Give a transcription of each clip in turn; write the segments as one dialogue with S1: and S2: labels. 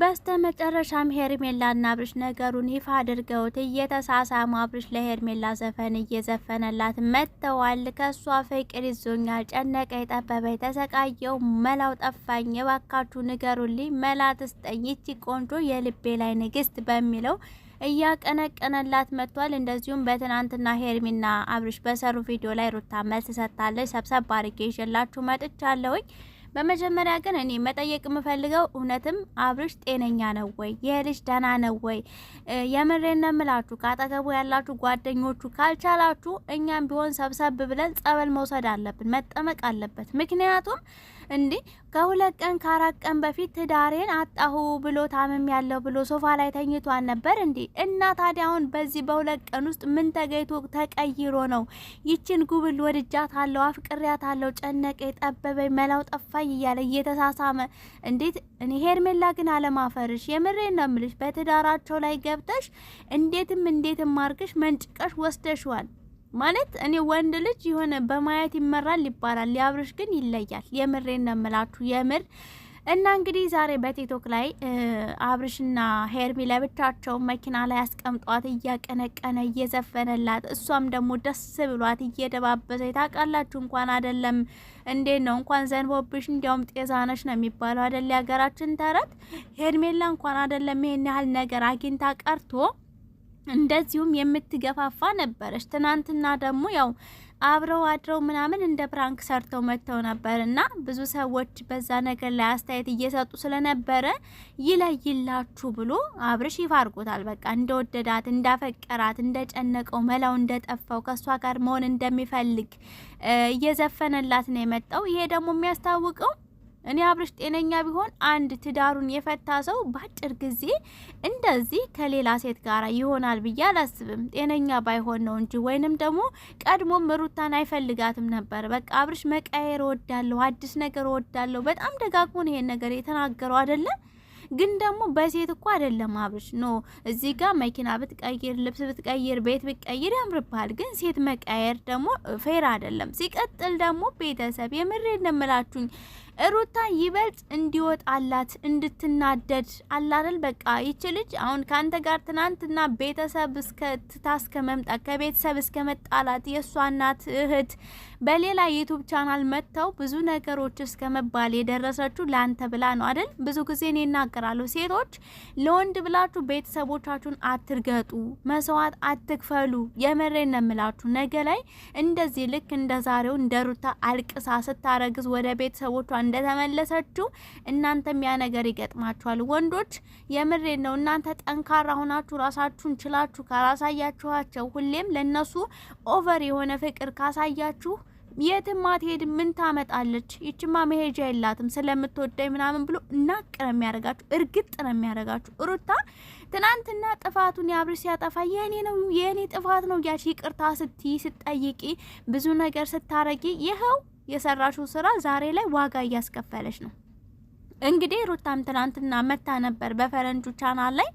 S1: በስተ መጨረሻም ሄርሜላና አብርሽ ነገሩን ይፋ አድርገውት እየተሳሳሙ አብርሽ ለሄርሜላ ዘፈን እየዘፈነላት መጥተዋል። ከእሷ ፍቅር ይዞኛል፣ ጨነቀ፣ የጠበበ የተሰቃየው መላው ጠፋኝ፣ የባካችሁ ንገሩልኝ፣ መላ ትስጠኝ፣ ይቺ ቆንጆ የልቤ ላይ ንግስት በሚለው እያቀነቀነላት መጥቷል። እንደዚሁም በትናንትና ሄርሚና አብርሽ በሰሩ ቪዲዮ ላይ ሩታ መልስ ሰጥታለች። ሰብሰብ አድርጌ ይዤላችሁ መጥቻለሁኝ። በመጀመሪያ ግን እኔ መጠየቅ የምፈልገው እውነትም አብርሽ ጤነኛ ነው ወይ? ይህ ልጅ ደህና ነው ወይ? የምሬን ነው የምላችሁ። ያላችሁ ጓደኞቹ ካልቻላችሁ፣ እኛም ቢሆን ሰብሰብ ብለን ጸበል መውሰድ አለብን፣ መጠመቅ አለበት። ምክንያቱም እንዲህ ከሁለት ቀን ከአራት ቀን በፊት ትዳሬን አጣሁ ብሎ ታምም ያለው ብሎ ሶፋ ላይ ተኝቷን ነበር እንዲህ እና ታዲያ በዚህ በሁለት ቀን ውስጥ ምን ተገይቶ ተቀይሮ ነው? ይችን ጉብል ወድጃት አለው፣ አፍቅሪያት አለው፣ ጨነቀ፣ ጠበበ፣ መላው ጠፋኝ ላይ እያለ እየተሳሳመ እንዴት እኔ ሄርሜላ ግን አለማፈርሽ የምሬ ነው የምልሽ። በትዳራቸው ላይ ገብተሽ እንዴትም እንዴትም ማርክሽ መንጭቀሽ ወስደሽዋል ማለት እኔ ወንድ ልጅ የሆነ በማየት ይመራል ይባላል። ሊያብርሽ ግን ይለያል። የምሬ ነው የምላችሁ የምር እና እንግዲህ ዛሬ በቲክቶክ ላይ አብርሽና ሄርሚ ለብቻቸው መኪና ላይ አስቀምጧት እያቀነቀነ እየዘፈነላት እሷም ደግሞ ደስ ብሏት እየደባበሰ ታውቃላችሁ። እንኳን አይደለም እንዴት ነው እንኳን ዘንቦብሽ እንዲያውም ጤዛነሽ ነው የሚባለው አይደል? የሀገራችን ተረት ሄርሜላ እንኳን አይደለም ይሄን ያህል ነገር አግኝታ ቀርቶ እንደዚሁም የምትገፋፋ ነበረች። ትናንትና ደግሞ ያው አብረው አድረው ምናምን እንደ ፕራንክ ሰርተው መጥተው ነበር እና ብዙ ሰዎች በዛ ነገር ላይ አስተያየት እየሰጡ ስለነበረ ይለይላችሁ ብሎ አብርሽ ይፋ አድርጎታል። በቃ እንደወደዳት፣ እንዳፈቀራት፣ እንደጨነቀው መላው እንደጠፋው ከእሷ ጋር መሆን እንደሚፈልግ እየዘፈነላት ነው የመጣው። ይሄ ደግሞ የሚያስታውቀው እኔ አብርሽ ጤነኛ ቢሆን አንድ ትዳሩን የፈታ ሰው በአጭር ጊዜ እንደዚህ ከሌላ ሴት ጋር ይሆናል ብዬ አላስብም። ጤነኛ ባይሆን ነው እንጂ ወይንም ደግሞ ቀድሞም ሩታን አይፈልጋትም ነበር። በቃ አብርሽ መቀየር እወዳለሁ፣ አዲስ ነገር እወዳለሁ። በጣም ነው ይሄን ነገር የተናገረው አይደለም ግን ደግሞ በሴት እኮ አይደለም አብርሽ ኖ እዚህ ጋር መኪና ብትቀይር ልብስ ብትቀይር ቤት ብትቀይር ያምርብሃል። ግን ሴት መቀየር ደግሞ ፌር አይደለም። ሲቀጥል ደግሞ ቤተሰብ የምሬ እንደምላችሁኝ ሩታ ይበልጥ እንዲወጣላት እንድትናደድ አላረል በቃ ይች ልጅ አሁን ከአንተ ጋር ትናንትና ቤተሰብ እስከ ትታ እስከ መምጣት ከቤተሰብ እስከ መጣላት የእሷ እናት እህት በሌላ ዩቱብ ቻናል መጥተው ብዙ ነገሮች እስከ መባል የደረሰችው ለአንተ ብላ ነው አይደል? ብዙ ጊዜ እኔ እናገራለሁ፣ ሴቶች ለወንድ ብላችሁ ቤተሰቦቻችሁን አትርገጡ፣ መስዋዕት አትክፈሉ። የመሬን ነው የምላችሁ። ነገ ላይ እንደዚህ ልክ እንደ ዛሬው እንደ ሩታ አልቅሳ ስታረግዝ ወደ ቤተሰቦቿ እንደተመለሰችሁ እናንተም ያ ነገር ይገጥማችኋል። ወንዶች የምሬን ነው። እናንተ ጠንካራ ሆናችሁ ራሳችሁን ችላችሁ ካላሳያችኋቸው፣ ሁሌም ለነሱ ኦቨር የሆነ ፍቅር ካሳያችሁ የትም አትሄድ። ምን ታመጣለች? ይችማ መሄጃ የላትም ስለምትወደኝ ምናምን ብሎ ናቅ ነው የሚያደርጋችሁ። እርግጥ ነው የሚያደርጋችሁ። ሩታ ትናንትና ጥፋቱን ያብር ሲያጠፋ የኔ ነው የኔ ጥፋት ነው ያልሽ ይቅርታ ስትይ ስትጠይቂ ብዙ ነገር ስታረጊ ይኸው የሰራሽው ስራ ዛሬ ላይ ዋጋ እያስከፈለች ነው። እንግዲህ ሩታም ትናንትና መታ ነበር በፈረንጁ ቻናል ላይ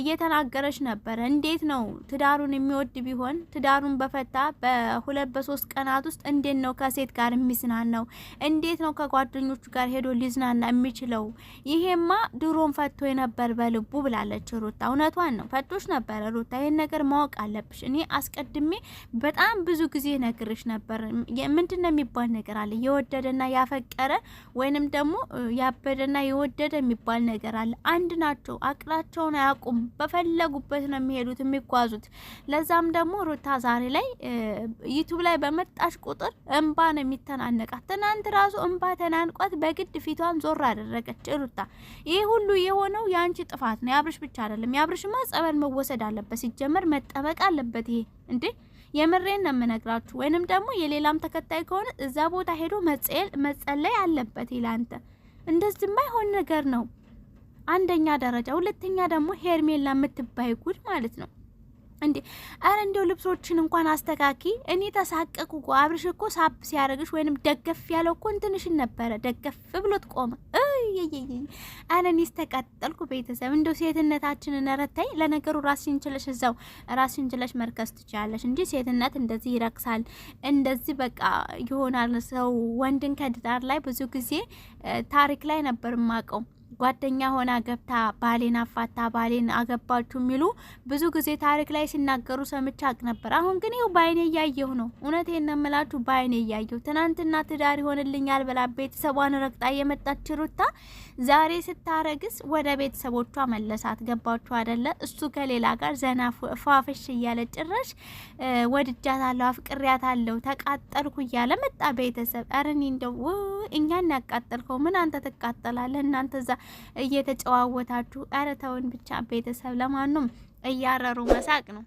S1: እየተናገረች ነበር። እንዴት ነው ትዳሩን የሚወድ ቢሆን ትዳሩን በፈታ በሁለት በሶስት ቀናት ውስጥ እንዴት ነው ከሴት ጋር የሚዝናናው? እንዴት ነው ከጓደኞቹ ጋር ሄዶ ሊዝናና የሚችለው? ይሄማ ድሮም ፈቶ ነበር በልቡ ብላለች ሩታ። እውነቷን ነው ፈቶች ነበረ። ሩታ ይህን ነገር ማወቅ አለብሽ። እኔ አስቀድሜ በጣም ብዙ ጊዜ ነግርሽ ነበር። ምንድን ነው የሚባል ነገር አለ የወደደና ያፈቀረ ወይንም ደግሞ ያበደና የወደደ የሚባል ነገር አለ። አንድ ናቸው፣ አቅላቸውን አያውቁም። በፈለጉበት ነው የሚሄዱት የሚጓዙት። ለዛም ደግሞ ሩታ ዛሬ ላይ ዩቱብ ላይ በመጣሽ ቁጥር እንባ ነው የሚተናነቃት። ትናንት ራሱ እንባ ተናንቋት በግድ ፊቷን ዞር አደረገች ሩታ። ይህ ሁሉ የሆነው የአንቺ ጥፋት ነው፣ የአብርሽ ብቻ አይደለም። የአብርሽማ ጸበል መወሰድ አለበት፣ ሲጀመር መጠበቅ አለበት። ይሄ እንዴ የምሬን ነው የምነግራችሁ። ወይንም ደግሞ የሌላም ተከታይ ከሆነ እዛ ቦታ ሄዶ መጸለይ አለበት ይላንተ እንደዚህ የማይሆን ነገር ነው። አንደኛ ደረጃ፣ ሁለተኛ ደግሞ ሄርሜላ የምትባይ ጉድ ማለት ነው እንዴ! አረ እንደው ልብሶችን እንኳን አስተካኪ። እኔ ተሳቀቁ። አብርሽ እኮ ሳብ ሲያደርግሽ ወይንም ደገፍ ያለው እኮ እንትንሽን ነበረ፣ ደገፍ ብሎት ቆመ። እ አረ እኔስ ተቃጠልኩ። ቤተሰብ እንደው ሴትነታችን ረታይ። ለነገሩ ራስሽን ችለሽ እዛው ራስሽን ችለሽ መርከስ ትችላለሽ እንጂ ሴትነት እንደዚህ ይረክሳል፣ እንደዚህ በቃ ይሆናል። ሰው ወንድን ከድዳር ላይ ብዙ ጊዜ ታሪክ ላይ ነበር ማቀው ጓደኛ ሆና ገብታ ባሌን አፋታ ባሌን አገባችሁ የሚሉ ብዙ ጊዜ ታሪክ ላይ ሲናገሩ ሰምቼ አቅ ነበር። አሁን ግን ይኸው በአይኔ እያየሁ ነው። እውነቴን ነው የምላችሁ፣ በአይኔ እያየሁ ትናንትና ትዳር ይሆንልኛል ብላ ቤተሰቧን ረግጣ የመጣች ሩታ ዛሬ ስታረግስ ወደ ቤተሰቦቿ መለሳት። ገባችሁ አደለ? እሱ ከሌላ ጋር ዘና ፏፍሽ እያለ ጭራሽ ወድጃታለሁ፣ አፍቅሪያታለሁ፣ ተቃጠልኩ እያለ መጣ ቤተሰብ። ኧረ እኔ እንደው እኛን ያቃጠልከው ምን አንተ ትቃጠላለህ እናንተ ዛ እየተጨዋወታችሁ ኧረ ተውን ብቻ ቤተሰብ ለማንም እያረሩ መሳቅ ነው።